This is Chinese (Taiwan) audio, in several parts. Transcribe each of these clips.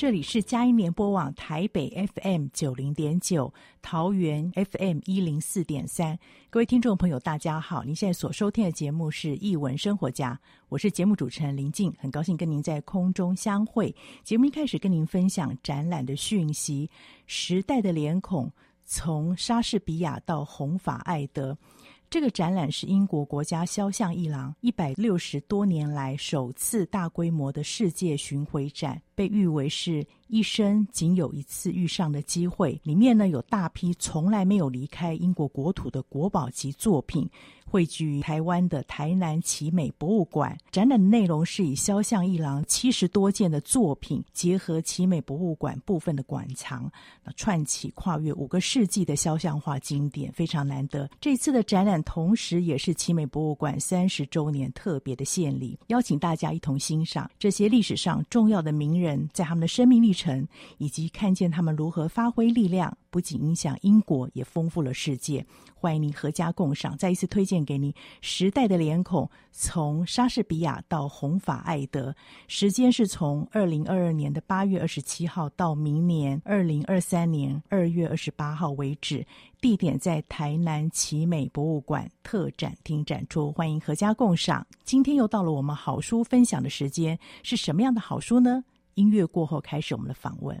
這裡是佳音聯播網台北 FM 九零點九，桃園 FM 一零四點三。各位聽眾朋友，大家好！您現在所收聽的節目是《藝文生活家》，我是節目主持人林靜，很高興跟您在空中相會。節目一開始跟您分享展覽的訊息，《時代的臉孔：從莎士比亞到紅髮艾德》。這個展覽是英國國家肖像藝廊一百六十多年來首次大規模的世界巡回展，被譽為是一生僅有一次遇上的機會。裡面呢，有大批從來沒有離開英國國土的國寶級作品。匯聚台灣的台南奇美博物館，展覽的內容是以肖像藝廊七十多件的作品，結合奇美博物館部分的館藏，串起跨越五個世紀的肖像畫經典，非常難得。這次的展覽同時也是奇美博物館三十周年特別的獻禮，邀請大家一同欣賞這些歷史上重要的名人，在他們的生命歷程，以及看見他們如何發揮力量，不僅影響英國，也豐富了世界。歡迎您闔家共賞，再一次推薦給您《時代的臉孔：從莎士比亞到紅髮愛德》。時間是從二零二二年的八月二十七號到明年二零二三年二月二十八號為止。地點在台南奇美博物館特展廳展出，歡迎闔家共賞。今天又到了我們好書分享的時間，是什麼樣的好書呢？音樂過後開始我們的訪問。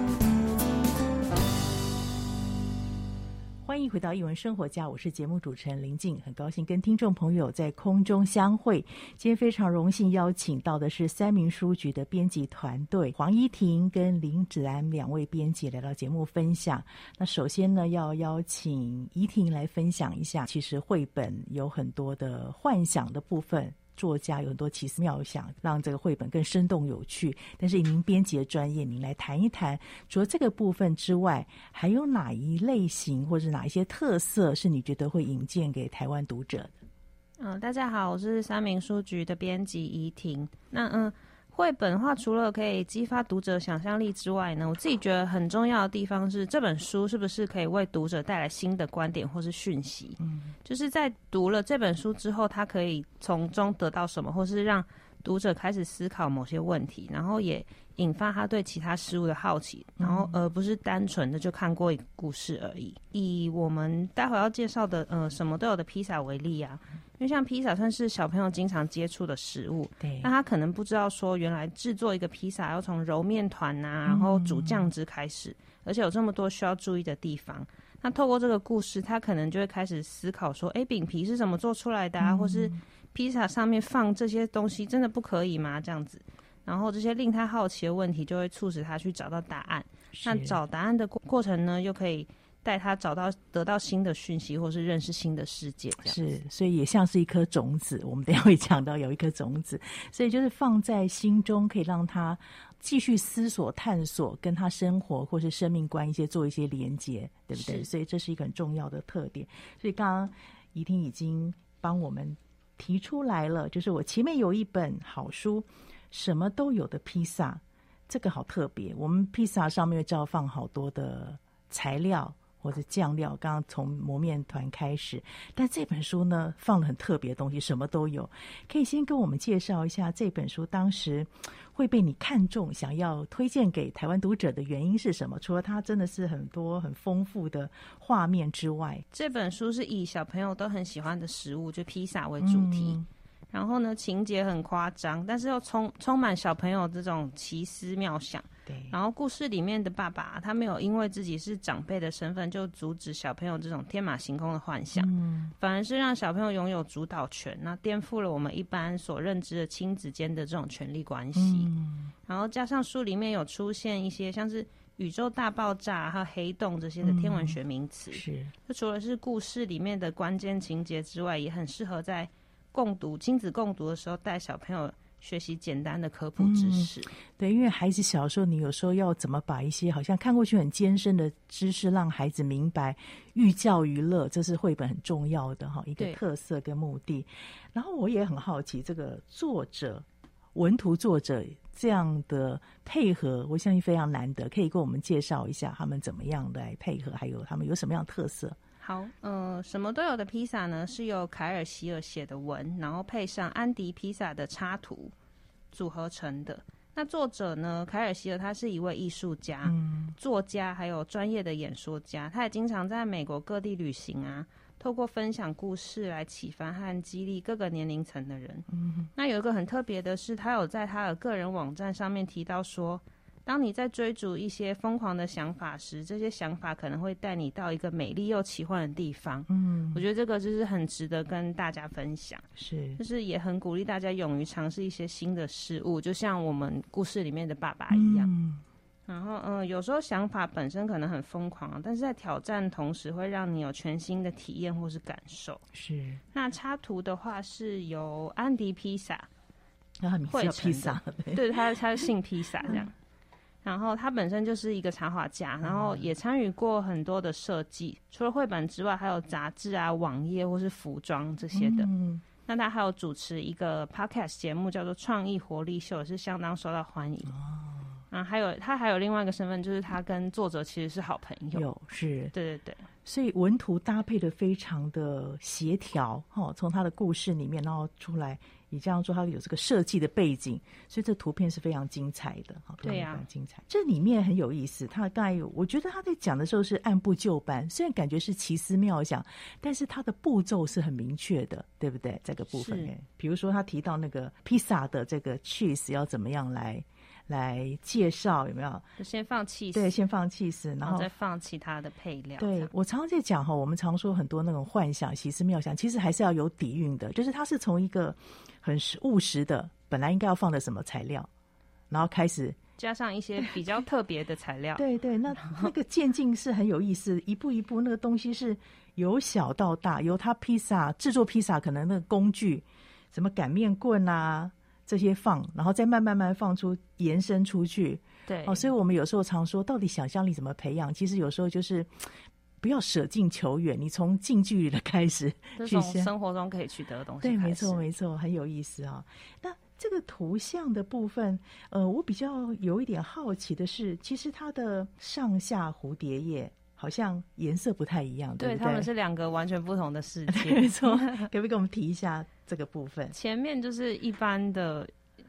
歡迎回到《藝文生活家》，我是節目主持人林靜，很高興跟聽眾朋友在空中相會。今天非常榮幸邀請到的是三民書局的編輯團隊黃怡婷跟林芷安兩位編輯來到節目分享。那首先呢，要邀請怡婷來分享一下，其實繪本有很多的幻想的部分。作家有很多奇思妙想，讓這個繪本更生動有趣。但是以您編輯的專業，您來談一談，除了這個部分之外，還有哪一類型或者哪一些特色是你覺得會引薦給台灣讀者的？嗯，大家好，我是三民書局的編輯怡婷。那嗯。繪本話，除了可以激發讀者想象力之外呢，我自己覺得很重要的地方是，這本書是不是可以為讀者帶來新的觀點或是訊息？嗯，就是在讀了這本書之後，他可以從中得到什麼，或是讓讀者開始思考某些問題，然後也引發他對其他事物的好奇，然後而不是單純的就看過一個故事而已。以我們待會要介紹的呃什麼都有的披薩為例啊。就像披薩算是小朋友經常接觸的食物，對，那他可能不知道說原來制作一個披薩要從揉麵團啊，嗯、然後煮醬汁開始，而且有這麼多需要注意的地方。那透過這個故事，他可能就會開始思考說，哎、欸，餅皮是怎麼做出來的啊？嗯、或是披薩上面放這些東西真的不可以嗎？這樣子，然後這些令他好奇的問題就會促使他去找到答案。是那找答案的過程呢，又可以。帶他找到得到新的訊息，或是認識新的世界，是，所以也像是一顆種子。我們等一下會講到有一顆種子，所以就是放在心中，可以讓他繼續思索、探索，跟他生活或是生命觀一些做一些連結，對不對？是所以這是一個很重要的特點。所以剛剛怡婷已經幫我們提出來了，就是我前面有一本好書《什麼都有的披薩》，這個好特別。我們披薩上面就要放好多的材料。或者醬料，剛剛從磨麵團開始，但這本書呢，放了很特別的東西，什麼都有。可以先跟我們介紹一下這本書當時會被你看中，想要推薦給台灣讀者的原因是什麼？除了它真的是很多很豐富的畫面之外，這本書是以小朋友都很喜歡的食物，就披薩為主題，嗯、然後呢，情節很誇張，但是又充充滿小朋友這種奇思妙想。然後故事裡面的爸爸啊，他沒有因為自己是長輩的身份就阻止小朋友這種天馬行空的幻想，嗯、反而是讓小朋友擁有主導權，那顛覆了我們一般所認知的親子間的這種權力關係。嗯、然後加上書裡面有出現一些像是宇宙大爆炸和黑洞這些的天文學名詞，嗯、是，就除了是故事裡面的關鍵情節之外，也很適合在共讀親子共讀的時候帶小朋友。學習簡單的科普知識，嗯、對，因為孩子小時候，你有時候要怎麼把一些好像看過去很艱深的知識，讓孩子明白，寓教於樂，這是繪本很重要的哈一個特色跟目的。對然後我也很好奇，這個作者文圖作者這樣的配合，我相信非常難得，可以跟我們介紹一下他們怎麼樣來配合，還有他們有什麼樣的特色？好，呃，什麼都有的披薩呢，是由凱爾·希爾寫的文，然後配上安迪披薩的插圖組合成的。那作者呢，凱爾·希爾他是一位藝術家、作家，還有專業的演說家。他也經常在美國各地旅行啊，透過分享故事來啟發和激勵各個年齡層的人。嗯。那有一個很特別的是，他有在他的個人網站上面提到說。當你在追逐一些瘋狂的想法時，這些想法可能會帶你到一個美麗又奇幻的地方。嗯，我覺得這個就是很值得跟大家分享。是，就是也很鼓勵大家勇於嘗試一些新的事物，就像我們故事裡面的爸爸一樣。嗯、然後，嗯，有時候想法本身可能很瘋狂，但是在挑戰同時，會讓你有全新的體驗或是感受。是。那插圖的話是由安迪披薩，他很會披薩，嗯、對，他他是姓披薩這樣。嗯然後他本身就是一個插畫家，然後也參與過很多的設計，嗯、除了繪本之外，還有雜誌啊、網頁或是服裝這些的。嗯，那他還有主持一個 podcast 節目，叫做《創意活力秀》，也是相當受到歡迎。啊、哦，然後還有他還有另外一個身份，就是他跟作者其實是好朋友。有是，對對對。所以文圖搭配得非常的協調，哈，從他的故事裡面，然後出來，你這樣做，他有這個設計的背景，所以這圖片是非常精彩的，哈，對呀，非常精彩。啊、這裡面很有意思，他大概我覺得他在講的時候是按部就班，雖然感覺是奇思妙想，但是他的步驟是很明確的，對不對？這個部分，比是如說他提到那個披薩的這個 cheese 要怎麼樣來。來介紹有沒有？就先放起司，對，先放起司，然後再放其他的配料。對樣我常常在講哈，我們常，常說很多那種幻想、奇思妙想，其實還是要有底蘊的。就是它是從一個很務實的，本來應該要放的什麼材料，然後開始加上一些比較特別的材料。 對對，那 那個漸進是很有意思，一步一步那個東西是由小到大，由它披薩制作披薩可能那個工具，什麼擀麵棍啊。這些放，然後再慢慢慢放出，延伸出去。對，哦，所以我們有時候常說，到底想象力怎麼培養？其實有時候就是不要舍近求遠，你從近距離的開始去生活中可以取得的東西。對，沒錯，沒錯，很有意思啊、哦。那這個圖像的部分，呃，我比較有一點好奇的是，其實它的上下蝴蝶葉好像顏色不太一樣，對不對？對對，它們是兩個完全不同的世界，沒錯。可不可以跟我們提一下？ 這個部分前面就是一般的，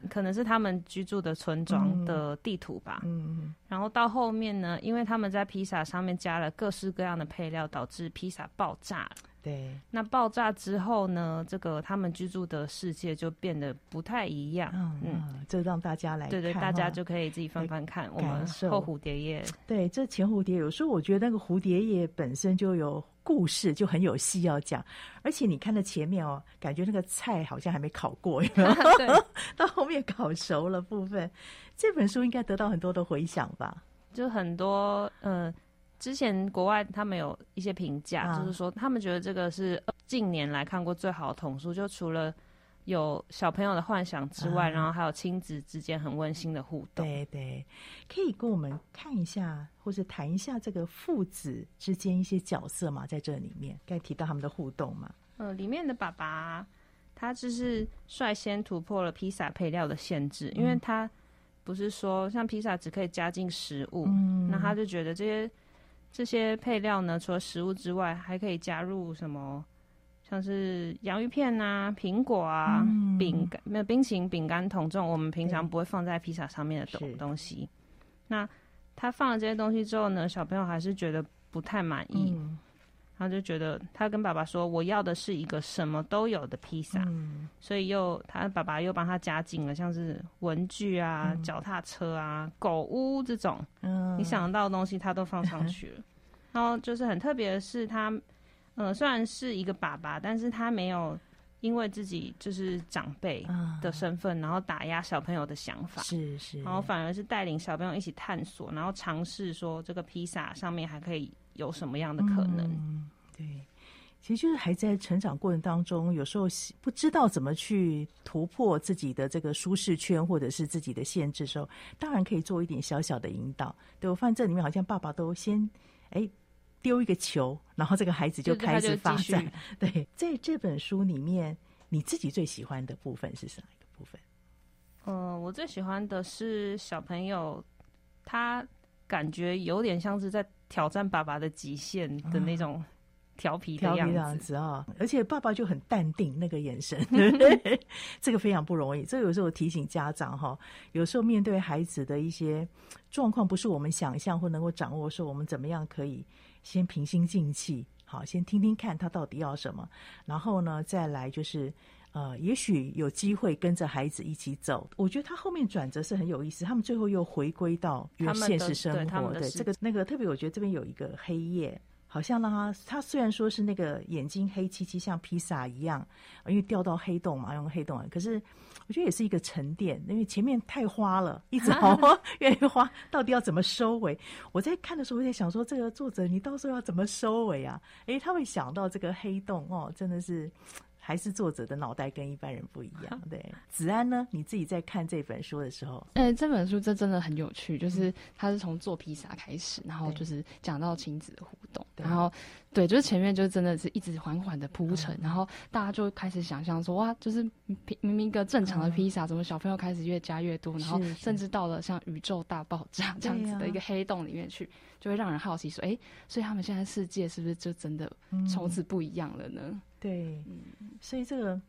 可能是他們居住的村莊的地圖吧。嗯嗯。嗯然後到後面呢，因為他們在披薩上面加了各式各樣的配料，導致披薩爆炸。對。那爆炸之後呢，這個他們居住的世界就變得不太一樣。嗯，就、嗯、讓大家來。對對，大家就可以自己翻翻看。我們是後蝴蝶葉，對，這前蝴蝶有時候我覺得那個蝴蝶葉本身就有。故事就很有戲要講，而且你看到前面哦，感覺那個菜好像還沒烤過， 對到後面烤熟了部分。這本書應該得到很多的回響吧？就很多嗯、呃，之前國外他們有一些評價，啊、就是說他們覺得這個是近年來看過最好的童書，就除了。有小朋友的幻想之外，啊、然後還有親子之間很溫馨的互動。對對，可以跟我們看一下，或是談一下這個父子之間一些角色嘛，在這裡面該提到他們的互動嘛？呃，裡面的爸爸他就是率先突破了披薩配料的限制，嗯、因為他不是說像披薩只可以加進食物，嗯、那他就覺得這些這些配料呢，除了食物之外，還可以加入什麼？像是洋芋片啊、蘋果啊、餅乾、嗯、沒有冰淇淋、餅乾桶這種，我們平常不會放在披薩上面的東東西那他放了這些東西之後呢，小朋友還是覺得不太滿意，然後、嗯、就覺得他跟爸爸說：“我要的是一個什麼都有的 Pizza,、嗯”的披薩。”所以又他爸爸又幫他夾進了像是文具啊、腳、嗯、踏車啊、狗屋這種，嗯，你想得到的東西他都放上去了。嗯、 然後就是很特別的是他。嗯，雖然是一個爸爸，但是他沒有因為自己就是長輩的身份，嗯，然後打壓小朋友的想法，是是，然後反而是帶領小朋友一起探索，然後嘗試說這個披薩上面還可以有什麼樣的可能。嗯，對，其實就是還在成長過程當中，有時候不知道怎麼去突破自己的這個舒適圈或者是自己的限制的時候，當然可以做一點小小的引導。對，我發現這裡面好像爸爸都先，哎，欸。丟一個球，然後這個孩子就開始發展。對，在這本書裡面，你自己最喜歡的部分是哪一個部分？嗯、呃，我最喜歡的是小朋友，他感覺有點像是在挑戰爸爸的極限的那種調皮的、嗯、調皮這樣子啊、哦！而且爸爸就很淡定，那個眼神， 這個非常不容易。所以有時候我提醒家長哈、哦，有時候面對孩子的一些狀況，不是我們想象或能夠掌握，說我們怎麼樣可以。先平心靜氣，好，先聽聽看他到底要什麼，然後呢，再來就是，呃，也許有機會跟着孩子一起走。我覺得他後面轉折是很有意思，他們最後又回歸到現實生活，對，對這個那個特別，我覺得這邊有一個黑夜。好像呢，他，他雖然說是那個眼睛黑漆漆，像披薩一樣，因為掉到黑洞嘛，用黑洞啊。可是我覺得也是一個沉澱，因為前面太花了，一直好願 意花，到底要怎麼收尾？我在看的時候，我在想說，這個作者你到時候要怎麼收尾啊？哎、欸，他會想到這個黑洞哦，真的是。還是作者的腦袋跟一般人不一樣。哈對，子安呢？你自己在看這本書的時候，嗯、欸，這本書這真的很有趣，就是它是從做披薩開始，嗯、然後就是講到親子的互動，對然後對，就是前面就真的是一直緩緩的鋪陳，嗯、然後大家就開始想象說哇，就是明明一個正常的披薩，怎麼小朋友開始越加越多，嗯、然後甚至到了像宇宙大爆炸這樣子的一個黑洞裡面去，啊、就會讓人好奇說，哎、欸，所以他們現在世界是不是就真的從此不一樣了呢？嗯對，所以這個，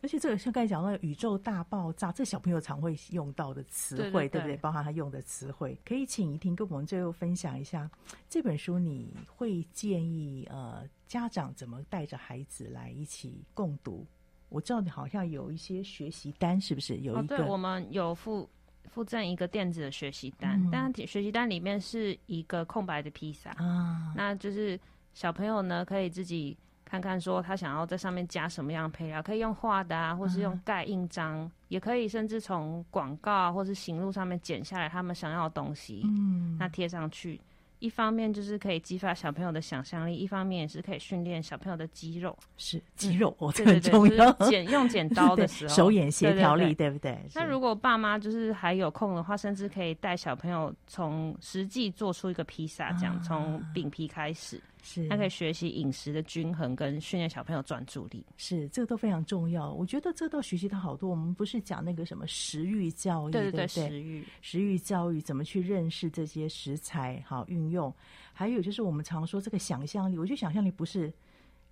而且這個像剛才講到宇宙大爆炸，這小朋友常會用到的詞彙，對、對、對、對不對？包含他用的詞彙，可以請怡婷跟我們最後分享一下這本書，你會建議呃家長怎麼帶着孩子來一起共讀？我知道你好像有一些學習單，是不是？有一個，哦、對我們有附附贈一個電子的學習單，嗯、但學習單裡面是一個空白的披薩啊，那就是小朋友呢可以自己。看看說他想要在上面加什麼樣的配料，可以用畫的啊，或是用蓋印章，嗯、也可以甚至從廣告、啊、或是型錄上面剪下來他們想要的東西。嗯，那貼上去，一方面就是可以激發小朋友的想象力，一方面也是可以訓練小朋友的肌肉。是肌肉、嗯、這很重要。對對對，就是、剪用剪刀的時候， 手眼協調力，對不對？是那如果爸媽就是還有空的話，甚至可以帶小朋友從實際做出一個披薩，這樣從餅、嗯、皮開始。是，他可以學習飲食的均衡，跟訓練小朋友專注力。是，這個都非常重要。我覺得這都學習到好多。我們不是講那個什麼食欲教育，對對對，對不對？食慾，食慾教育怎麼去認識這些食材、好，運用。還有就是我們常說這個想象力，我覺得想象力不是，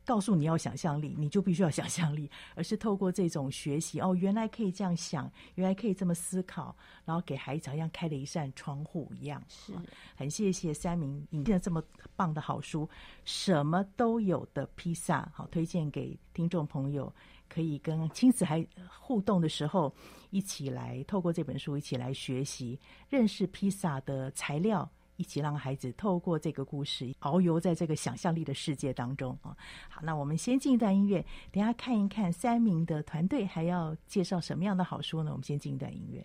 告訴你要想象力你就必須要想象力而是透過這種學習哦，原來可以這樣想，原來可以這麼思考，然後給孩子好像開了一扇窗戶一樣。是、啊，很謝謝三民，引薦了這麼棒的好書《什麼都有的披薩》、啊，好推薦給聽眾朋友，可以跟親子還互動的時候一起來透過這本書一起來學習認識披薩的材料。一起讓孩子透過這個故事遨遊在這個想象力的世界當中啊！好，那我們先進一段音樂，等下看一看三民的團隊還要介紹什麼樣的好書呢？我們先進一段音樂。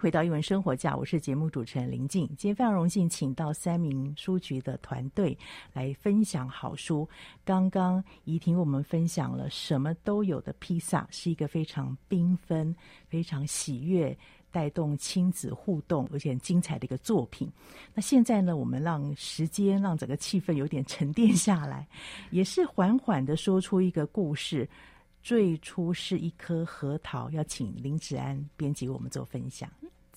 回到《藝文生活家》，我是節目主持人林靜。今天非常榮幸，請到三民書局的團隊來分享好書。剛剛怡婷為我們分享了「什麼都有」的披薩，是一個非常繽紛、非常喜悅、帶動親子互動而且很精彩的一個作品。那現在呢，我們讓時間讓整個氣氛有點沉澱下來，也是緩緩地說出一個故事。最初是一顆核桃，要請林芷安編輯為我們做分享。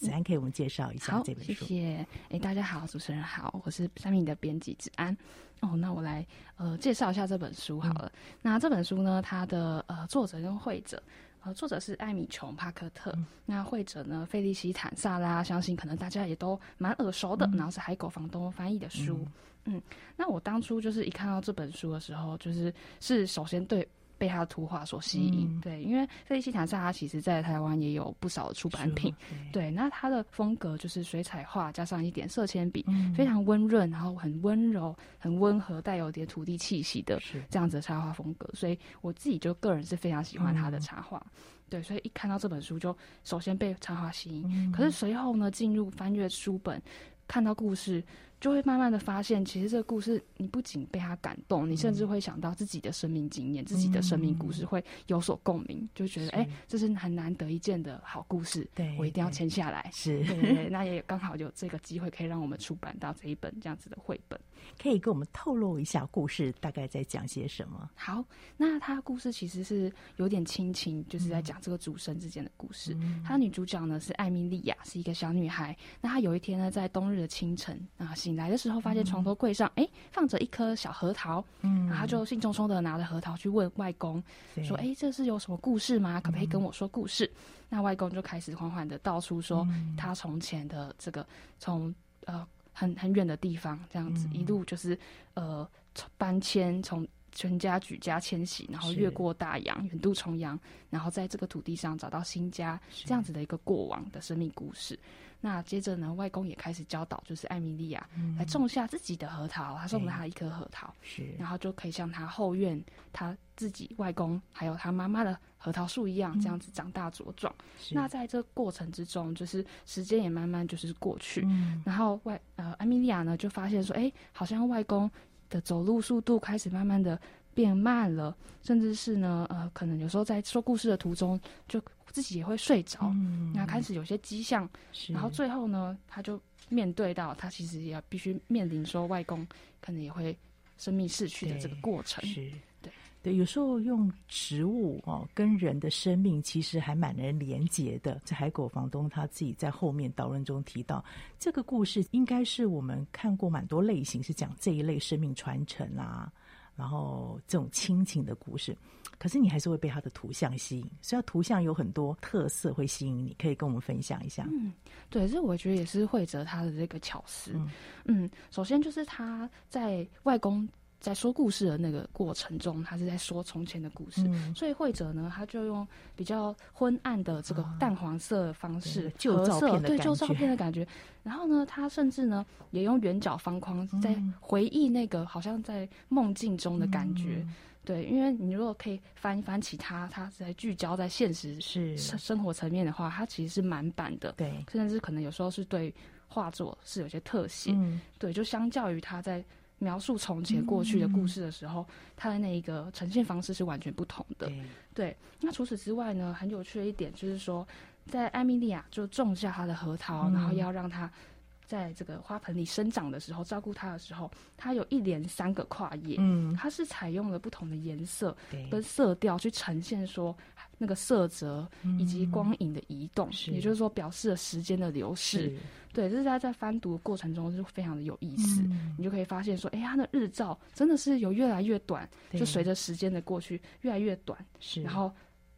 子安，可以我們介紹一下這本書。好，謝謝、欸。大家好，主持人好，我是三民的編輯子安。哦，那我來呃介紹一下這本書好了。嗯、那這本書呢，它的呃作者跟繪者，呃作者是艾米瓊帕克特，嗯、那繪者呢費利西坦薩拉，相信可能大家也都蠻耳熟的，嗯、然後是海狗房東翻譯的書。嗯，嗯，那我當初就是一看到這本書的時候，就是是首先對。被他的圖畫所吸引，嗯、對，因為費利西塔莎他其實，在台灣也有不少的出版品，對，對，那他的風格就是水彩畫加上一點色鉛筆，嗯、非常溫潤，然後很溫柔、很溫和，帶有點土地氣息的這樣子的插畫風格，是所以我自己就個人是非常喜歡他的插畫，嗯、對，所以一看到這本書就首先被插畫吸引，嗯、可是隨後呢，進入翻閱書本，看到故事。就會慢慢的發現，其實這個故事，你不僅被他感動，嗯、你甚至會想到自己的生命經驗、嗯、自己的生命故事，會有所共鳴，就覺得，哎是，這是很難得一見的好故事，對，我一定要簽下來。對對是對，那也剛好有這個機會，可以讓我們出版到這一本這樣子的繪本。可以跟我們透露一下故事大概在講些什麼？好，那他的故事其實是有點親情，就是在講這個祖孫之間的故事。他、嗯、女主角呢是艾米莉亞，是一個小女孩。那她有一天呢，在冬日的清晨啊，心。來的時候發現床頭櫃上，哎、嗯，放着一顆小核桃，嗯，然後他就興沖沖的拿着核桃去問外公，嗯、說，哎，這是有什麼故事嗎？可不可以跟我說故事？嗯、那外公就開始緩緩的道出說他從前的這個，從呃很很遠的地方，這樣子一路就是、嗯、呃搬遷從。全家舉家遷徙，然後越過大洋，遠渡是重洋，然後在這個土地上找到新家，這樣子的一個過往的生命故事。是那接着呢，外公也開始教導，就是艾米莉亞來種下自己的核桃，嗯、他送了他一顆核桃，是，然後就可以像他後院、他自己外公還有他媽媽的核桃樹一樣，這樣子長大茁壯。是那在這過程之中，就是時間也慢慢就是過去，嗯、然後外呃艾米莉亞呢就發現說，哎、欸，好像外公。的走路速度開始慢慢的變慢了，甚至是呢，呃，可能有時候在說故事的途中，就自己也會睡着，那、嗯、開始有些跡象，是然後最後呢，他就面對到他其實也要必須面臨說外公可能也會生命逝去的這個過程。對，有時候用植物哦，跟人的生命其實還蠻能連接的。這海狗房東他自己在後面導論中提到，這個故事應該是我們看過蠻多類型，是講這一類生命傳承啊，然後這種親情的故事。可是你還是會被它的圖像吸引，雖然圖像有很多特色會吸引你，可以跟我們分享一下？嗯，對，所以我覺得也是繪者他的這個巧思。嗯、嗯，首先就是他在外公。在說故事的那個過程中，他是在說從前的故事。嗯、所以，繪者呢，他就用比較昏暗的這個淡黃色的方式，舊、啊、色照片對，舊照片的感覺。然後呢，他甚至呢，也用圓角方框，在回憶那個好像在夢境中的感覺。嗯、對，因為你如果可以翻一翻其他，他在聚焦在現實是生活層面的話，他其實是滿版的。對，甚至可能有時候是對畫作是有些特寫。嗯、對，就相較於他在。描述從前過去的故事的時候，它的那一個呈現方式是完全不同的。嗯、對，那除此之外呢，很有趣的一點就是說，在艾米莉亞就種下她的核桃，然後要讓她。在這個花盆裡生長的時候，照顧它的時候，它有一連三個跨頁，嗯，它是採用了不同的顏色跟色調去呈現說那個色澤以及光影的移動，嗯、也就是說表示了時間的流逝。是對，這是它在，在翻讀的過程中是非常的有意思，嗯、你就可以發現說，哎、欸、呀，那日照真的是有越來越短，就隨着時間的過去越來越短，對然後。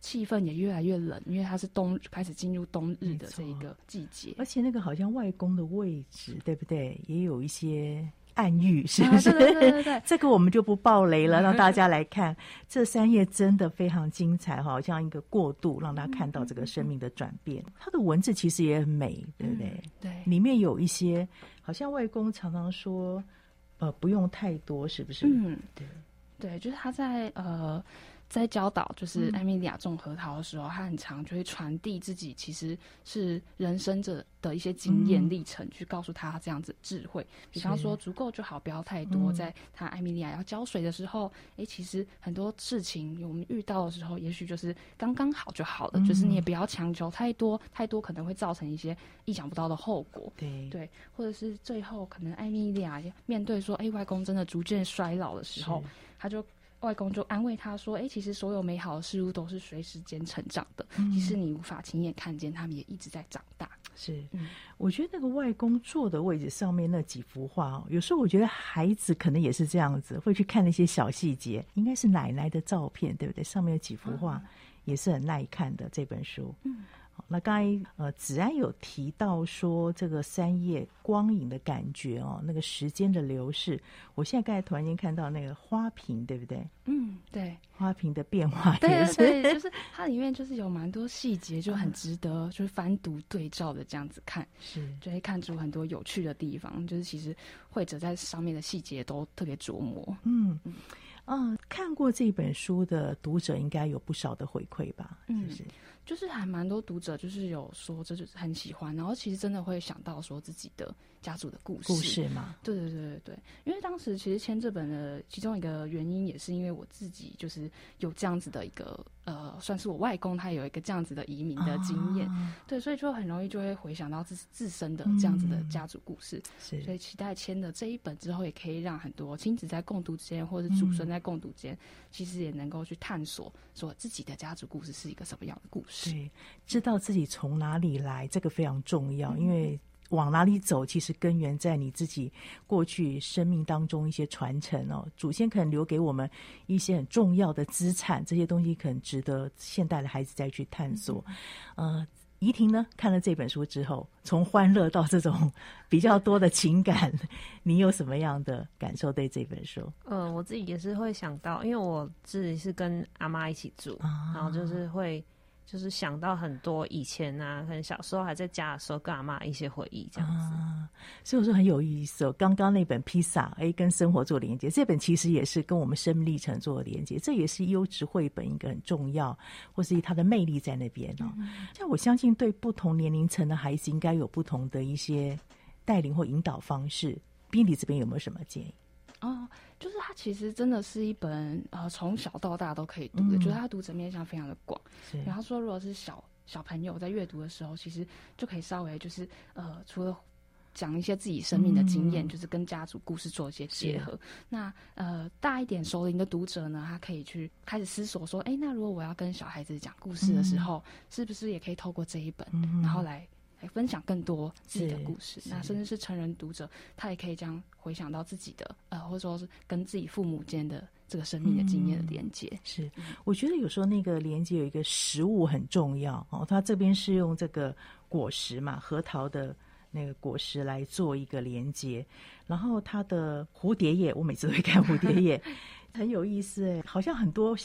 氣氛也越來越冷，因為它是冬開始進入冬日的這一個季節，而且那個好像外公的位置，對不對？也有一些暗喻，是不是？這個我們就不爆雷了， 讓大家來看這三頁，真的非常精彩，好像一個過渡，讓他看到這個生命的轉變。嗯嗯。他的文字其實也很美，對不對？嗯、對，裡面有一些好像外公常常說，呃，不用太多，是不是？嗯，對對，就是他在呃。在教導就是艾米利亞種核桃的時候，嗯、他很常就會傳遞自己其實是人生者的一些經驗歷程，嗯、去告訴他這樣子智慧。是比方說，足夠就好，不要太多。嗯、在他艾米利亞要澆水的時候，哎、欸，其實很多事情我們遇到的時候，也許就是剛剛好就好了，嗯、就是你也不要強求太多，太多可能會造成一些意想不到的後果。對，對，或者是最後可能艾米利亞面對說，哎，外公真的逐漸衰老的時候，是他就。外公就安慰他說：“哎、欸，其實所有美好的事物都是隨時間成長的，嗯、其實你無法親眼看見，他們也一直在長大。”是，嗯、我覺得那個外公坐的位置上面那幾幅畫，有時候我覺得孩子可能也是這樣子，會去看那些小細節。應該是奶奶的照片，對不對？上面有幾幅畫，嗯、也是很耐看的這本書。嗯。那剛才呃子安有提到說這個三葉光影的感覺哦，那個時間的流逝。我現在剛才突然間看到那個花瓶，對不對？嗯，對，花瓶的變化。對，對，對、對以 就是它裡面就是有蠻多細節，就很值得、嗯、就是翻讀對照的這樣子看，是就會看出很多有趣的地方，就是其實繪者在上面的細節都特別琢磨。嗯嗯，看過這本書的讀者應該有不少的回饋吧？嗯。是是就是還蠻多讀者就是有說這就是很喜歡，然後其實真的會想到說自己的家族的故事故事嘛，對對對對對，因為當時其實簽這本的其中一個原因也是因為我自己就是有這樣子的一個。呃，算是我外公，他有一個這樣子的移民的經驗，啊、對，所以就很容易就會回想到自自身的這樣子的家族故事，嗯、所以期待簽了這一本之後，也可以讓很多親子在共讀之間，或是祖孫在共讀間，嗯、其實也能夠去探索說自己的家族故事是一個什麼樣的故事，對，知道自己從哪裡來，這個非常重要，嗯、因為。往哪裡走，其實根源在你自己過去生命當中一些傳承哦，祖先可能留給我們一些很重要的資產，這些東西可能值得現代的孩子再去探索。嗯、呃，怡婷呢，看了這本書之後，從歡樂到這種比較多的情感，你有什麼樣的感受？對這本書？呃，我自己也是會想到，因為我自己是跟阿媽一起住，啊、然後就是會。就是想到很多以前啊，很小時候還在家的時候，跟阿嬤一些回憶這樣子。啊，所以我說很有意思哦。剛剛那本披薩，哎，跟生活做連接，這本其實也是跟我們生命歷程做連接，這也是優質繪本一個很重要，或是它的魅力在那邊哦。像、嗯、我相信，對不同年齡層的孩子，應該有不同的一些帶領或引導方式。賓迪這邊有沒有什麼建議？哦，就是它其實真的是一本呃，從小到大都可以讀的，就是它讀者面向非常的廣。然後是說，如果是小小朋友在閱讀的時候，其實就可以稍微就是呃，除了講一些自己生命的經驗，嗯嗯嗯就是跟家族故事做一些結合。是那呃，大一點熟齡的讀者呢，他可以去開始思索說，哎、欸，那如果我要跟小孩子講故事的時候，嗯嗯是不是也可以透過這一本，嗯嗯然後來。分享更多自己的故事，是那甚至是成人讀者，是他也可以這樣回想到自己的，呃，或者說是跟自己父母間的這個生命的經驗的連接。是，我覺得有時候那個連接有一個實物很重要哦。他這邊是用這個果實嘛，核桃的那個果實來做一個連接，然後它的蝴蝶頁，我每次都會看蝴蝶頁， 很有意思哎，好像很多。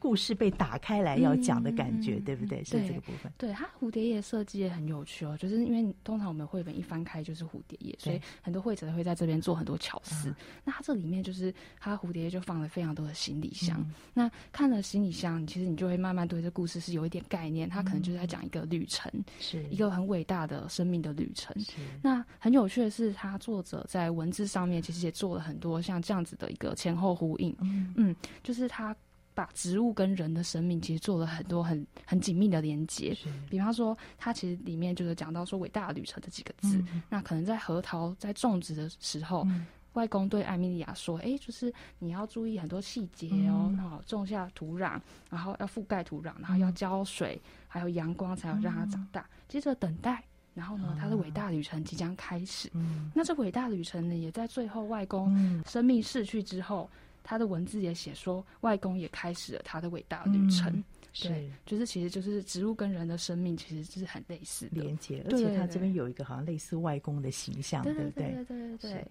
故事被打開來要講的感覺，嗯、對不對？是這個部分。對，對它蝴蝶頁設計也很有趣哦，就是因為通常我們繪本一翻開就是蝴蝶頁，對所以很多繪者會在這邊做很多巧思。嗯、那它這裡面就是它蝴蝶頁就放了非常多的行李箱。嗯、那看了行李箱，其實你就會慢慢對這故事是有一點概念。它可能就是在講一個旅程，是、嗯、一個很偉大的生命的旅程。是那很有趣的是，它作者在文字上面其實也做了很多像這樣子的一個前後呼應。嗯，嗯，就是它。把植物跟人的生命其實做了很多很很緊密的連接，是比方說，它其實裡面就是講到說“偉大的旅程”這幾個字。嗯、那可能在核桃在種植的時候，嗯、外公對艾米麗亞說：“哎、欸，就是你要注意很多細節哦，好、嗯，然後種下土壤，然後要覆蓋土壤，然後要澆水，嗯、還有陽光，才要讓它長大。嗯、接着等待，然後呢，它的偉大的旅程即將開始。嗯、那這偉大旅程呢，也在最後外公生命逝去之後。嗯”他的文字也寫說，外公也開始了他的偉大的旅程。嗯、對，就是其實就是植物跟人的生命其實是很類似的，連接。而且他這邊有一個好像類似外公的形象，對不對？對？對，對對對對。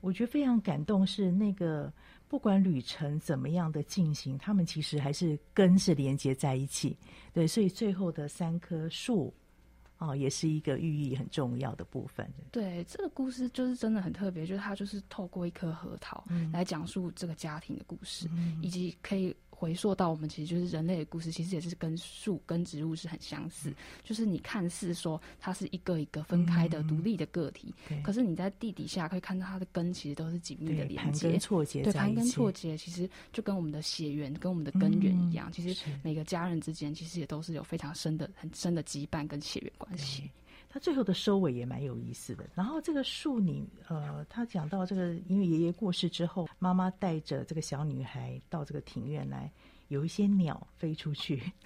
我覺得非常感動，是那個不管旅程怎麼樣的進行，他們其實還是根是連接在一起。對，所以最後的三棵樹。哦，也是一個寓意很重要的部分。對，這個故事就是真的很特別，就是它就是透過一顆核桃，嗯，來講述這個家庭的故事，嗯，以及可以。回溯到我們，其實就是人類的故事，其實也是跟樹、跟植物是很相似。是，就是你看似說它是一個一個分開的獨立的個體，嗯嗯，可是你在地底下可以看到它的根，其實都是緊密的連接。對，盤根錯節。對，盤根錯節，其實就跟我們的血緣、跟我們的根源一樣。嗯嗯，其實每個家人之間，其實也都是有非常深的、很深的羈絆跟血緣關係。最後的收尾也蠻有意思的。然後這個樹女，呃，他講到這個，因為爺爺過世之後，媽媽帶着這個小女孩到這個庭院來，有一些鳥飛出去，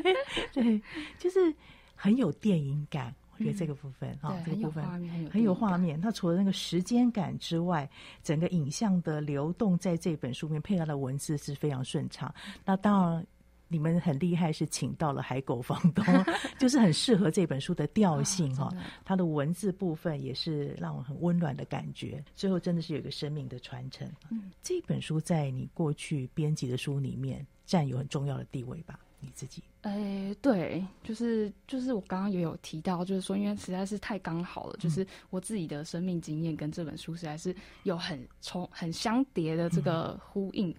對，就是很有電影感。嗯、我覺得這個部分哈，啊、對這個部分很有畫面，很有,很有畫面。它除了那個時間感之外，整個影像的流動，在這本書面配套的文字是非常順暢。那當然。嗯你們很厲害，是請到了海狗房東， 就是很適合這本書的調性哈。哦、真的。它的文字部分也是讓我很溫暖的感覺。最後真的是有一個生命的傳承。嗯，這本書在你過去編輯的書裡面占有很重要的地位吧？你自己？誒、欸，對，就是就是我剛剛也有提到，就是說因為實在是太剛好了，嗯、就是我自己的生命經驗跟這本書實在是有很重、很相疊的這個呼應。嗯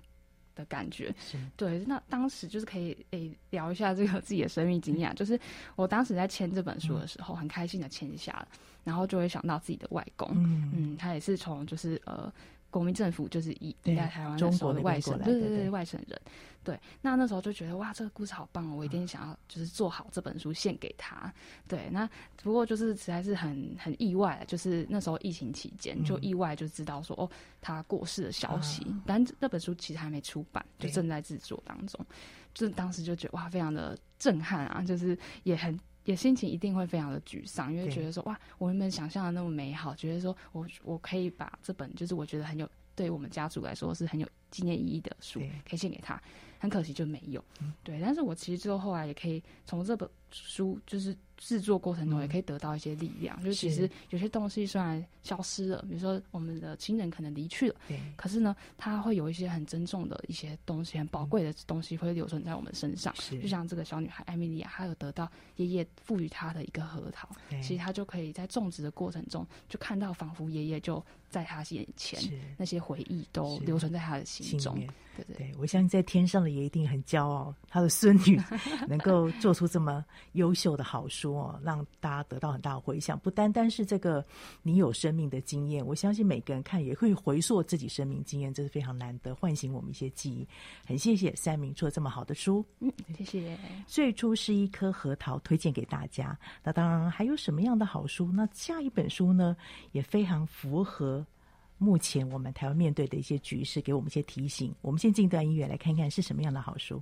的感覺是對，那當時就是可以誒、欸、聊一下這個自己的生命經驗，嗯、就是我當時在簽這本書的時候，很開心的簽下了，嗯、然後就會想到自己的外公，嗯，嗯，他也是從就是呃。國民政府就是以一代台灣的外省，對對對，外省人。對，那那時候就覺得哇，這個故事好棒哦！我一定想要就是做好這本書獻給他。對，那不過就是實在是很很意外，就是那時候疫情期間就意外就知道說哦，他過世的消息。但那本書其實還沒出版，就正在製作當中。就當時就覺得哇，非常的震撼啊！就是也很。也心情一定會非常的沮喪，因為覺得說對哇，我有沒有想象的那麼美好，覺得說我我可以把這本就是我覺得很有，對於我們家族來說是很有紀念意義的書，對可以獻給他。很可惜就沒有，嗯、對。但是我其實之後後來也可以從這本。書就是製作過程中也可以得到一些力量，嗯、就是其實有些東西雖然消失了，是比如說我們的親人可能離去了，對，可是呢，它會有一些很珍重的一些東西，很寶貴的東西會留存在我們身上。是就像這個小女孩艾米麗亞，她有得到爺爺賦予她的一個核桃，對其實她就可以在種植的過程中就看到，仿佛爺爺就在她眼前，是那些回憶都留存在她的心中。對、對、對、對，我相信在天上的也一定很驕傲，她的孫女能夠做出這麼。 優秀的好書，哦，讓大家得到很大的回響，不單單是這個，你有生命的經驗，我相信每個人看也會回溯自己生命經驗，這是非常難得，喚醒我們一些記憶。很謝謝三民做這麼好的書，嗯，謝謝，嗯。最初是一顆核桃推薦給大家，那當然還有什麼樣的好書？那下一本書呢，也非常符合目前我們台灣面對的一些局勢，給我們一些提醒。我們先進一段音樂，來看看是什麼樣的好書。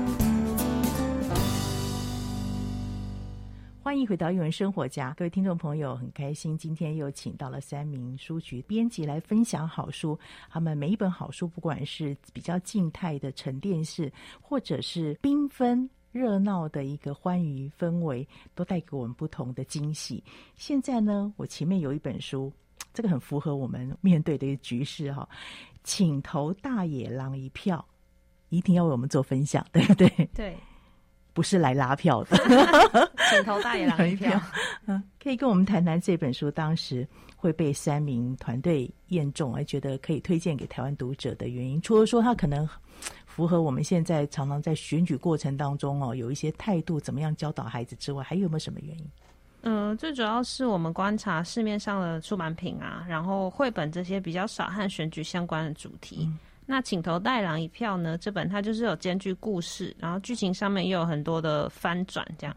歡迎回到《藝文生活家》，各位聽眾朋友，很開心，今天又請到了三民書局編輯來分享好書。他們每一本好書，不管是比較靜態的沉澱式，或者是繽紛熱鬧的一個歡愉氛圍，都帶給我們不同的驚喜。現在呢，我前面有一本書，這個很符合我們面對的一個局勢哈，請投大野狼一票，一定要為我們做分享，對不對？對。不是來拉票的。請 投大野狼一票， 一票、嗯。可以跟我們談談這本書當時會被三民團隊驗中，而覺得可以推薦給台灣讀者的原因？除了說它可能符合我們現在常常在選舉過程當中哦，有一些態度，怎麼樣教導孩子之外，還有沒有什麼原因？嗯，最主要是我們觀察市面上的出版品啊，然後繪本這些比較少和選舉相關的主題。嗯那請投大野狼一票呢，這本它就是有兼具故事，然後劇情上面又有很多的翻轉這樣，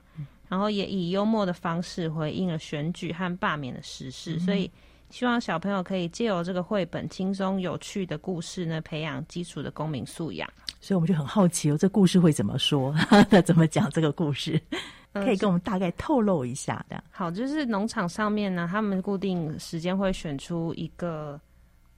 然後也以幽默的方式回應了選舉和罷免的時事，嗯、所以希望小朋友可以借由這個繪本輕鬆有趣的故事呢，培養基礎的公民素養。所以我們就很好奇哦，這故事會怎麼說？ 怎麼講這個故事？ 可以跟我們大概透露一下的、嗯。好，就是農場上面呢，他們固定時間會選出一個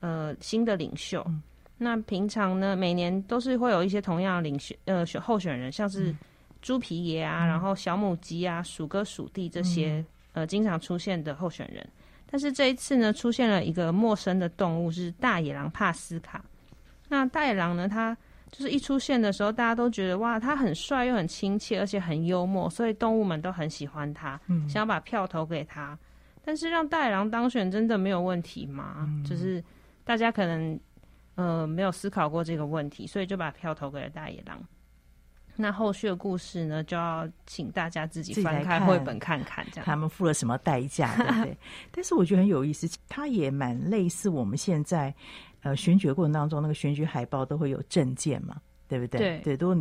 呃新的領袖。嗯那平常呢，每年都是會有一些同樣領選呃選候選人，像是豬皮爺啊，嗯、然後小母雞啊、鼠哥、鼠弟這些、嗯、呃經常出現的候選人。但是這一次呢，出現了一個陌生的動物，是大野狼帕斯卡。那大野狼呢，他就是一出現的時候，大家都覺得哇，他很帥又很親切，而且很幽默，所以動物們都很喜歡他，想要把票投給他。嗯、但是讓大野狼當選真的沒有問題嗎？嗯、就是大家可能。呃，沒有思考過這個問題，所以就把票投給了大野狼。那後續的故事呢，就要請大家自己翻開繪本看看，這樣他們付了什麼代價，對不對？ 但是我覺得很有意思，它也蠻類似我們現在，呃，選舉的過程當中那個選舉海報都會有證件嘛，對不對？對，對，都。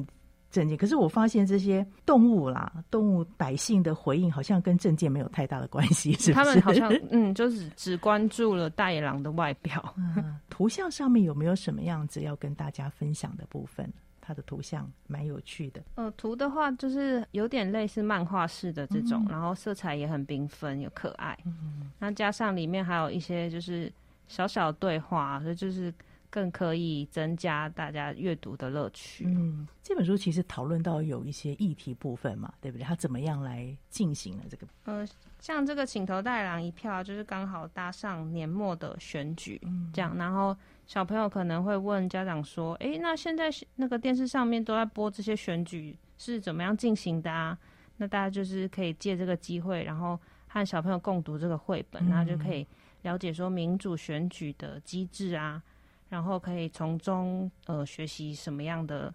可是我發現這些動物啦，動物百姓的回應好像跟政見沒有太大的關係，是不是？他們好像嗯，就是只關注了大野狼的外表 、嗯。圖像上面有沒有什麼樣子要跟大家分享的部分？它的圖像蠻有趣的。呃，圖的話就是有點類似漫畫式的這種，嗯、然後色彩也很繽紛，又可愛。嗯，那加上裡面還有一些就是小小的對話，所以就是。更可以增加大家閱讀的樂趣。嗯，這本書其實討論到有一些議題部分嘛，對不對？它怎麼樣來進行了這個，呃，像這個“請投大野狼一票、啊”，就是剛好搭上年末的選舉、嗯、這樣。然後小朋友可能會問家長說：“哎、欸，那現在那個電視上面都在播這些選舉是怎麼樣進行的啊？”那大家就是可以借這個機會，然後和小朋友共讀這個繪本，那就可以了解說民主選舉的機制啊。嗯然後可以從中呃學習什麼樣的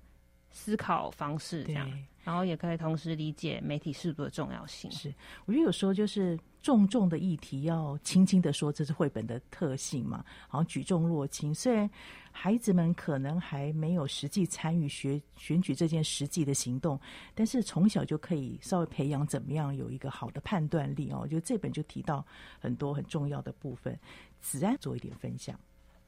思考方式，這樣，對然後也可以同時理解媒體識讀的重要性。是，我覺得有時候就是重重的議題要輕輕的說，這是繪本的特性嘛，好像舉重若輕。雖然孩子們可能還沒有實際參與學選舉這件實際的行動，但是從小就可以稍微培養怎麼樣有一個好的判斷力哦。就這本就提到很多很重要的部分，芷安做一點分享。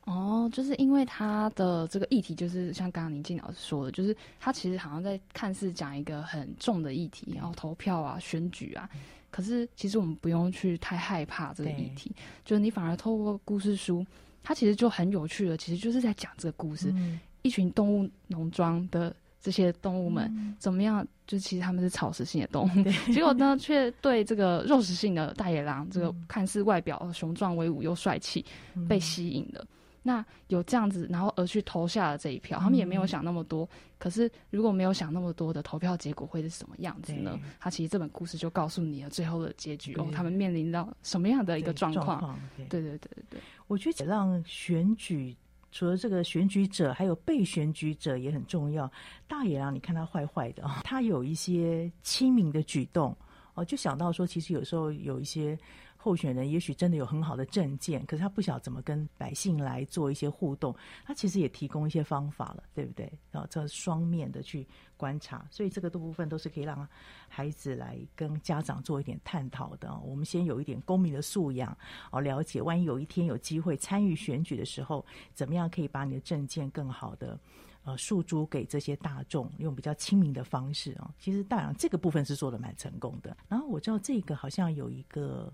哦，就是因為他的這個議題，就是像剛剛寧靜老師說的，就是他其實好像在看似講一個很重的議題，然後對、哦、投票啊、選舉啊，嗯、可是其實我們不用去太害怕這個議題，對就是你反而透過故事書，它其實就很有趣了。其實就是在講這個故事，嗯、一群動物農莊的這些動物們怎麼樣，嗯、就其實他們是草食性的動物，對結果呢卻對這個肉食性的大野狼，嗯、這個看似外表雄壯、威武又帥氣，嗯、被吸引了。那有這樣子，然後而去投下了這一票，他們也沒有想那麼多。嗯、可是如果沒有想那麼多的投票結果會是什麼樣子呢？對他其實這本故事就告訴你了最後的結局，對哦，他們面臨到什麼樣的一個狀況狀況？對對對對，對，我覺得讓選舉除了這個選舉者，還有被選舉者也很重要。大野狼、啊，你看他壞壞的，哦、他有一些親民的舉動哦，就想到說，其實有時候有一些。候選人也許真的有很好的政見，可是他不曉得怎麼跟百姓來做一些互動。他其實也提供一些方法了，對不對？然、哦、後這雙面的去觀察，所以這個部分都是可以讓孩子來跟家長做一點探討的。哦、我們先有一點公民的素養哦，了解萬一有一天有機會參與選舉的時候，怎麼樣可以把你的政見更好的呃訴諸給這些大眾，用比較親民的方式啊、哦。其實大野狼這個部分是做得蠻成功的。然後我知道這個好像有一個。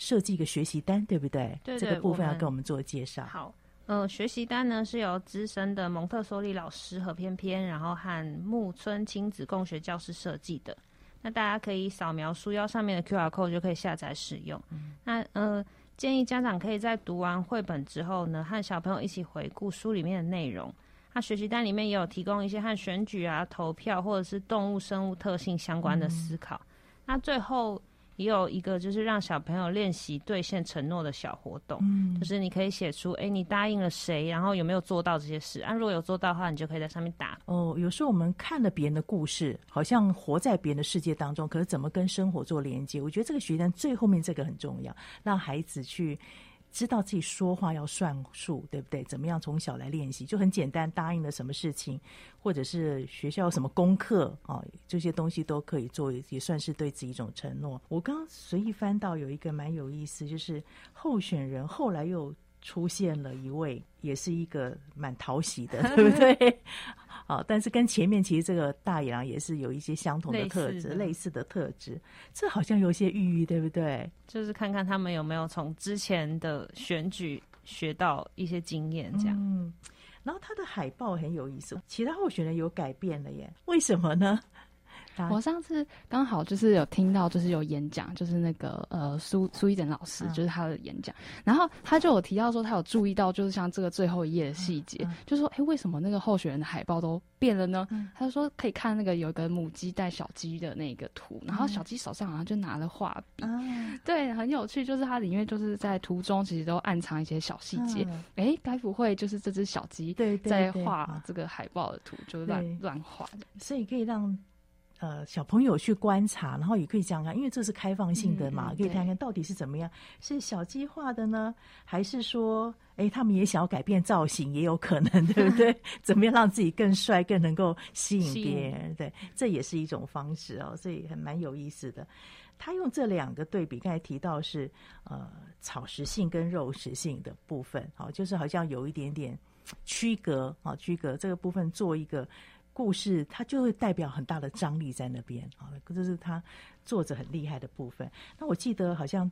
設計一個學習單，對不對？對對對，這個部分要跟我們做介紹。好，呃，學習單呢是由資深的蒙特梭利老師和翩翩，然後和牧村親子共學教師設計的。那大家可以掃描書腰上面的 QR code 就可以下載使用。那呃，建議家長可以在讀完繪本之後呢，和小朋友一起回顧書裡面的內容。那學習單裡面也有提供一些和選舉啊、投票或者是動物生物特性相關的思考。嗯、那最後，也有一個，就是讓小朋友練習兌現承諾的小活動。嗯，就是你可以寫出，哎，你答應了誰，然後有沒有做到這些事？啊，如果有做到的話，你就可以在上面打。哦，有時候我們看了別人的故事，好像活在別人的世界當中，可是怎麼跟生活做連接？我覺得這個學習單最後面這個很重要，讓孩子去。知道自己說話要算數，對不對？怎麼樣從小來練習，就很簡單。答應了什麼事情，或者是學校有什麼功課啊，這些東西都可以做，也算是對自己一種承諾。我剛剛隨意翻到有一個蠻有意思，就是候選人後來又出現了一位，也是一個蠻討喜的，對不對？ 哦，但是跟前面其實這個大野狼也是有一些相同的特質，類似，類似的特質。這好像有些寓意，對不對？就是看看他們有沒有從之前的選舉學到一些經驗這樣。嗯，然後他的海報很有意思，其他候選人有改變了耶？為什麼呢？我上次剛好就是有聽到，就是有演講，就是那個呃蘇蘇伊簡老師，啊、就是他的演講，然後他就有提到說，他有注意到，就是像這個最後一頁的細節，啊啊、就說哎、欸，為什麼那個候選人的海報都變了呢？嗯、他就說可以看那個有一個母雞帶小雞的那個圖，然後小雞手上好像就拿着畫筆，嗯啊、對，很有趣，就是它裡面就是在圖中其實都暗藏一些小細節。哎、啊，該、欸、不會就是這只小雞在畫這個海報的圖對對對就亂亂畫的？所以可以讓。呃，小朋友去觀察，然後也可以這樣講，因為這是開放性的嘛，嗯、可以看看到底是怎麼樣，對是小雞畫的呢，還是說，哎、欸，他們也想要改變造型，也有可能， 對不對？怎麼樣讓自己更帥，更能夠吸引別人？是對，這也是一種方式哦，所以還蠻有意思的。他用這兩個對比，剛才提到是呃草食性跟肉食性的部分，好、哦，就是好像有一點點區隔啊、哦，區隔這個部分做一個。故事它就會代表很大的張力在那邊，啊，這是他作者很厲害的部分。那我記得好像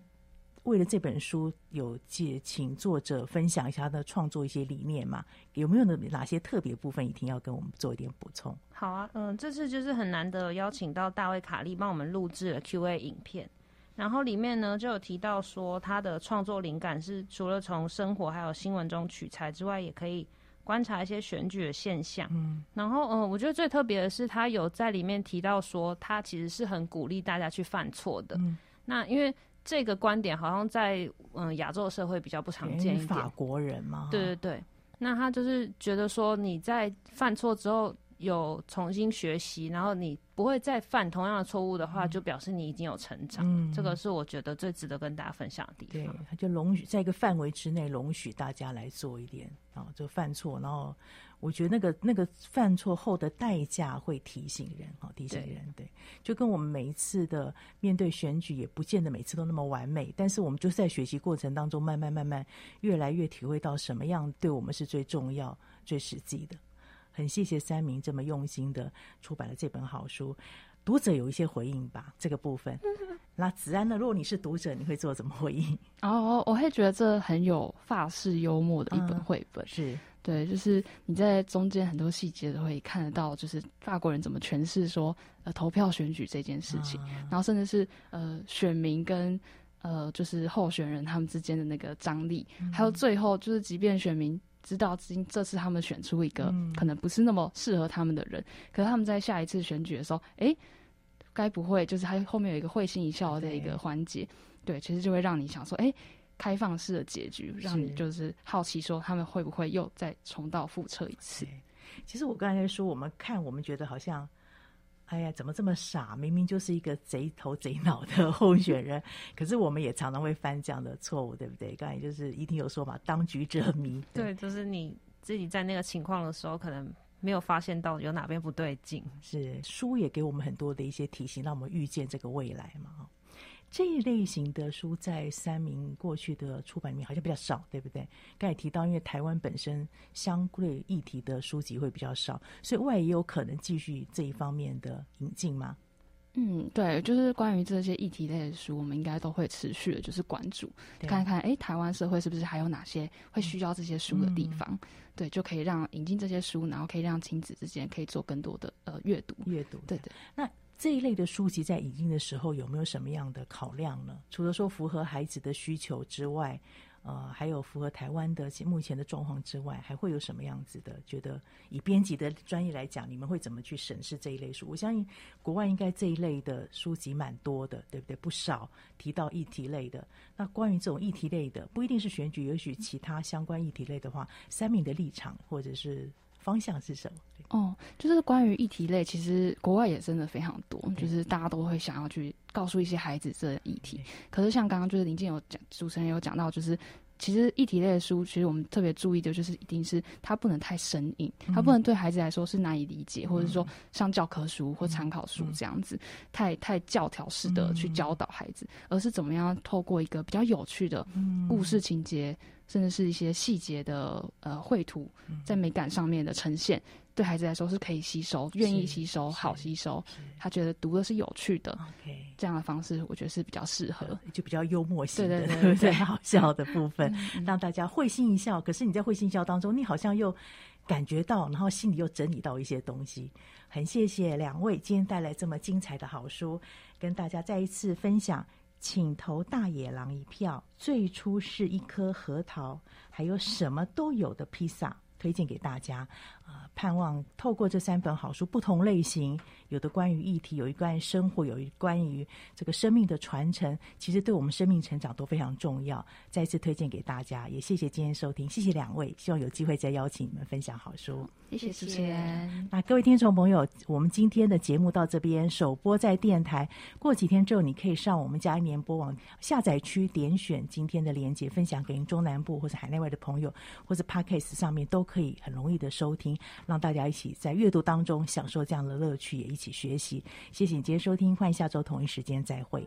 為了這本書，有借請作者分享一下他的創作一些理念嘛？有沒有哪些特別的部分？一定要跟我們做一點補充？好啊，嗯、呃，這次就是很難得邀請到大衛卡利幫我們錄製了 Q&A 影片，然後裡面呢就有提到說他的創作靈感是除了從生活還有新聞中取材之外，也可以。觀察一些選舉的現象，嗯、然後呃，我覺得最特別的是他有在裡面提到說，他其實是很鼓勵大家去犯錯的。嗯、那因為這個觀點好像在嗯、呃、亞洲社會比較不常見，你法國人嘛，對對對。那他就是覺得說，你在犯錯之後。有重新學習，然後你不會再犯同樣的錯誤的話，嗯、就表示你已經有成長。嗯，這個是我覺得最值得跟大家分享的地方。對，就容許在一個範圍之內，容許大家來做一點啊、哦，就犯錯。然後我覺得那個那個犯錯後的代價會提醒人，哈、哦，提醒人。對，對，就跟我們每一次的面對選舉，也不見得每次都那麼完美，但是我們就是在學習過程當中，慢慢慢慢越來越體會到什麼樣對我們是最重要、最實際的。很謝謝三民這麼用心的出版了這本好書，讀者有一些回應吧，這個部分。那子安呢？如果你是讀者，你會做怎麼回應？哦，我會覺得這很有法式幽默的一本繪本。嗯、是，對，就是你在中間很多細節都會看得到，就是法國人怎麼詮釋說呃投票選舉這件事情，嗯、然後甚至是呃選民跟呃就是候選人他們之間的那個張力，嗯、還有最後就是即便選民。知道，今這次他們選出一個可能不是那麼適合他們的人，嗯、可是他們在下一次選舉的時候，哎、欸，該不會就是他後面有一個會心一笑的一個環節？對，對，其實就會讓你想說，哎、欸，開放式的結局，讓你就是好奇，說他們會不會又再重蹈覆轍一次？其實我剛才說，我們看，我們覺得好像。哎呀，怎麼這麼傻？明明就是一個賊頭賊腦的候選人， 可是我們也常常會犯這樣的錯誤，對不對？剛才就是怡婷有說嘛，當局者迷。對，對，就是你自己在那個情況的時候，可能沒有發現到有哪邊不對勁。是書也給我們很多的一些提醒，讓我們預見這個未來嘛。這一類型的書在三民過去的出版裡面，好像比較少，對不對？剛才提到，因為台灣本身相對議題的書籍會比較少，所以外也有可能繼續這一方面的引進嗎？嗯，對，就是關於這些議題類的書，我們應該都會持續，的就是關注、啊、看看，哎、欸，台灣社會是不是還有哪些會需要這些書的地方？嗯、對，就可以讓引進這些書，然後可以讓親子之間可以做更多的呃閱讀，閱讀，對，對對。那這一類的書籍在引進的時候有沒有什麼樣的考量呢？除了說符合孩子的需求之外，呃，還有符合台灣的目前的狀況之外，還會有什麼樣子的？覺得以編輯的專業來講，你們會怎麼去審視這一類書？我相信國外應該這一類的書籍蠻多的，對不對？不少提到議題類的。那關於這種議題類的，不一定是選舉，也許其他相關議題類的話，三民的立場或者是。方向是什麼？哦，oh, 就是關於議題類，其實國外也真的非常多，Okay. 就是大家都會想要去告訴一些孩子這議題。Okay. 可是像剛剛就是林芷安講，主持人有講到，就是其實議題類的書，其實我們特別注意的就是，一定是它不能太生硬，它、嗯、不能對孩子來說是難以理解，嗯、或者說像教科書或參考書這樣子，嗯、太太教條式的去教導孩子，嗯、而是怎麼樣透過一個比較有趣的故事情節。嗯甚至是一些細節的呃繪圖，在美感上面的呈現，嗯、對孩子來說是可以吸收、願意吸收、是好吸收。他覺得讀的是有趣的，okay, 這樣的方式我覺得是比較適合，就比較幽默性的，對對對，對？ 好笑的部分、嗯嗯、讓大家會心一笑。可是你在會心笑當中，你好像又感覺到，然後心裡又整理到一些東西。很謝謝兩位今天帶來這麼精彩的好書，跟大家再一次分享。請投大野狼一票。最初是一顆核桃，還有什麼都有的披薩，推薦給大家。啊，盼望透過這三本好書，不同類型，有的關於議題，有一關於生活，有一關於這個生命的傳承，其實對我們生命成長都非常重要。再次推薦給大家，也謝謝今天收聽，謝謝兩位，希望有機會再邀請你們分享好書。謝謝，謝謝。那各位聽眾朋友，我們今天的節目到這邊，首播在電台，過幾天之後你可以上我們佳音聯播網下載區點選今天的連接，分享給您中南部或者海內外的朋友，或者 Podcast 上面都可以很容易的收聽。讓大家一起在閱讀當中享受這樣的樂趣，也一起學習。謝謝您今天收聽，歡迎下周同一時間再會。